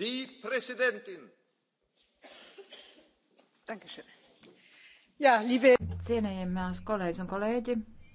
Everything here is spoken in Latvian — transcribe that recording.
die präsidentin! Cienējamās kolēģis un kolēģi!